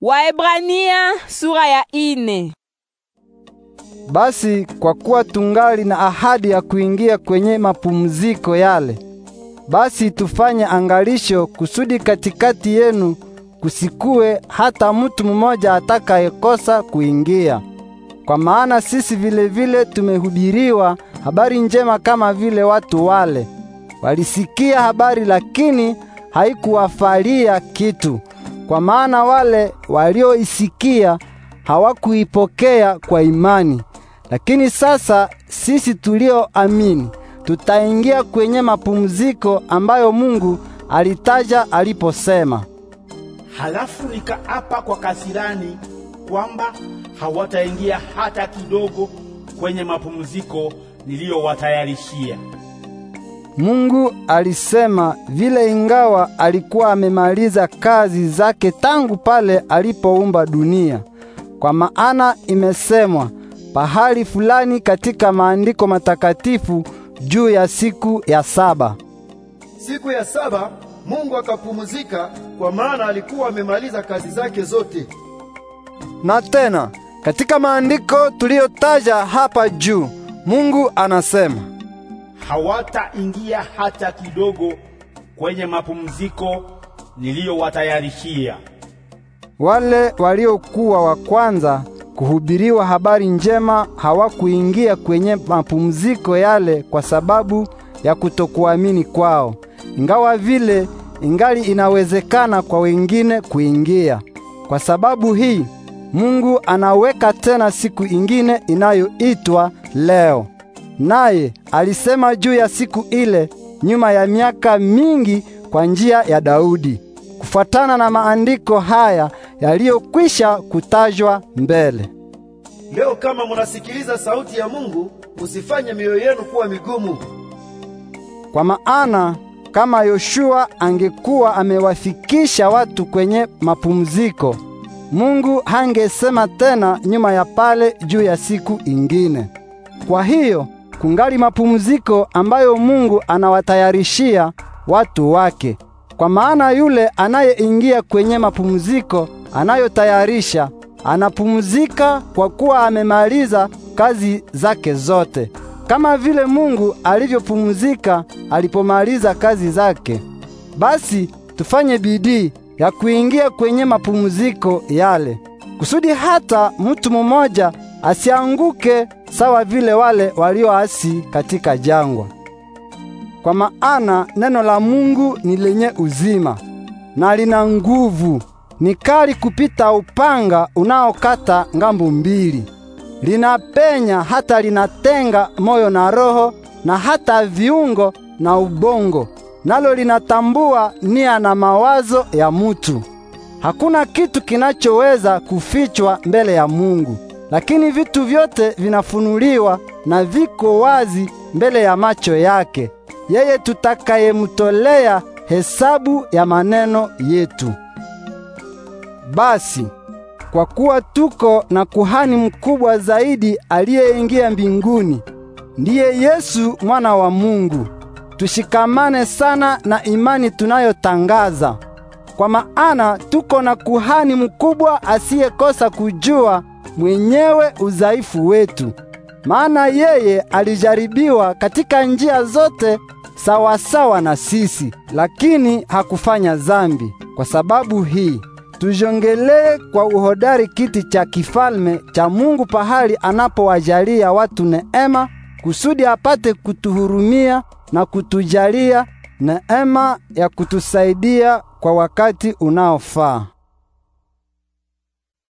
Waebrania sura ya ine. Basi kwa kuwa tungali na ahadi ya kuingia kwenye mapumziko yale, basi tufanye angalisho kusudi katikati yenu kusikue hata mtu mmoja atakayekosa kuingia. Kwa maana sisi vile vile tumehubiriwa habari njema kama vile watu wale. Walisikia habari lakini haikuwafalia kitu kwa maana wale walioisikia hawakuipokea kwa imani. Lakini sasa sisi tulioamini tutaingia kwenye mapumziko ambayo Mungu alitaja aliposema, halafu nikaapa kwa kasirani kwamba hawataingia hata kidogo kwenye mapumziko niliyowatayarishia. Mungu alisema vile, ingawa alikuwa amemaliza kazi zake tangu pale alipoumba dunia. Kwa maana imesemwa pahali fulani katika maandiko matakatifu juu ya siku ya saba, siku ya saba Mungu akapumzika, kwa maana alikuwa amemaliza kazi zake zote. Na tena katika maandiko tuliyotaja hapa juu, Mungu anasema hawataingia hata kidogo kwenye mapumziko niliyowatayarishia. Wale waliokuwa wa kwanza kuhubiriwa habari njema hawakuingia kwenye mapumziko yale kwa sababu ya kutokuamini kwao, ingawa vile ingali inawezekana kwa wengine kuingia. Kwa sababu hii Mungu anaweka tena siku ingine inayoitwa leo, naye alisema juu ya siku ile nyuma ya miaka mingi kwa njia ya Daudi kufuatana na maandiko haya yaliyokwisha kutajwa mbele. Leo kama munasikiliza sauti ya Mungu, usifanye mioyo yenu kuwa migumu. Kwa maana kama Yoshua angekuwa amewafikisha watu kwenye mapumziko, Mungu hangesema tena nyuma ya pale juu ya siku ingine. Kwa hiyo kungali mapumziko ambayo Mungu anawatayarishia watu wake. Kwa maana yule anayeingia kwenye mapumziko anayotayarisha anapumzika kwa kuwa amemaliza kazi zake zote, kama vile Mungu alivyopumzika alipomaliza kazi zake. Basi tufanye bidii ya kuingia kwenye mapumziko yale, kusudi hata mtu mmoja asianguke sawa vile wale walioasi katika jangwa. Kwa maana neno la Mungu ni lenye uzima na lina nguvu, ni kali kupita upanga unaokata ngambu mbili, linapenya hata linatenga moyo na roho na hata viungo na ubongo, nalo linatambua nia na mawazo ya mutu. Hakuna kitu kinachoweza kufichwa mbele ya Mungu lakini vitu vyote vinafunuliwa na viko wazi mbele ya macho yake, yeye tutakayemtolea hesabu ya maneno yetu. Basi kwa kuwa tuko na kuhani mkubwa zaidi aliyeingia mbinguni, ndiye Yesu mwana wa Mungu, tushikamane sana na imani tunayotangaza, kwa maana tuko na kuhani mkubwa asiyekosa kujua mwenyewe udhaifu wetu, maana yeye alijaribiwa katika njia zote sawasawa na sisi, lakini hakufanya dhambi. Kwa sababu hii tujongelee kwa uhodari kiti cha kifalme cha Mungu, pahali anapowajalia watu neema, kusudi apate kutuhurumia na kutujalia neema ya kutusaidia kwa wakati unaofaa.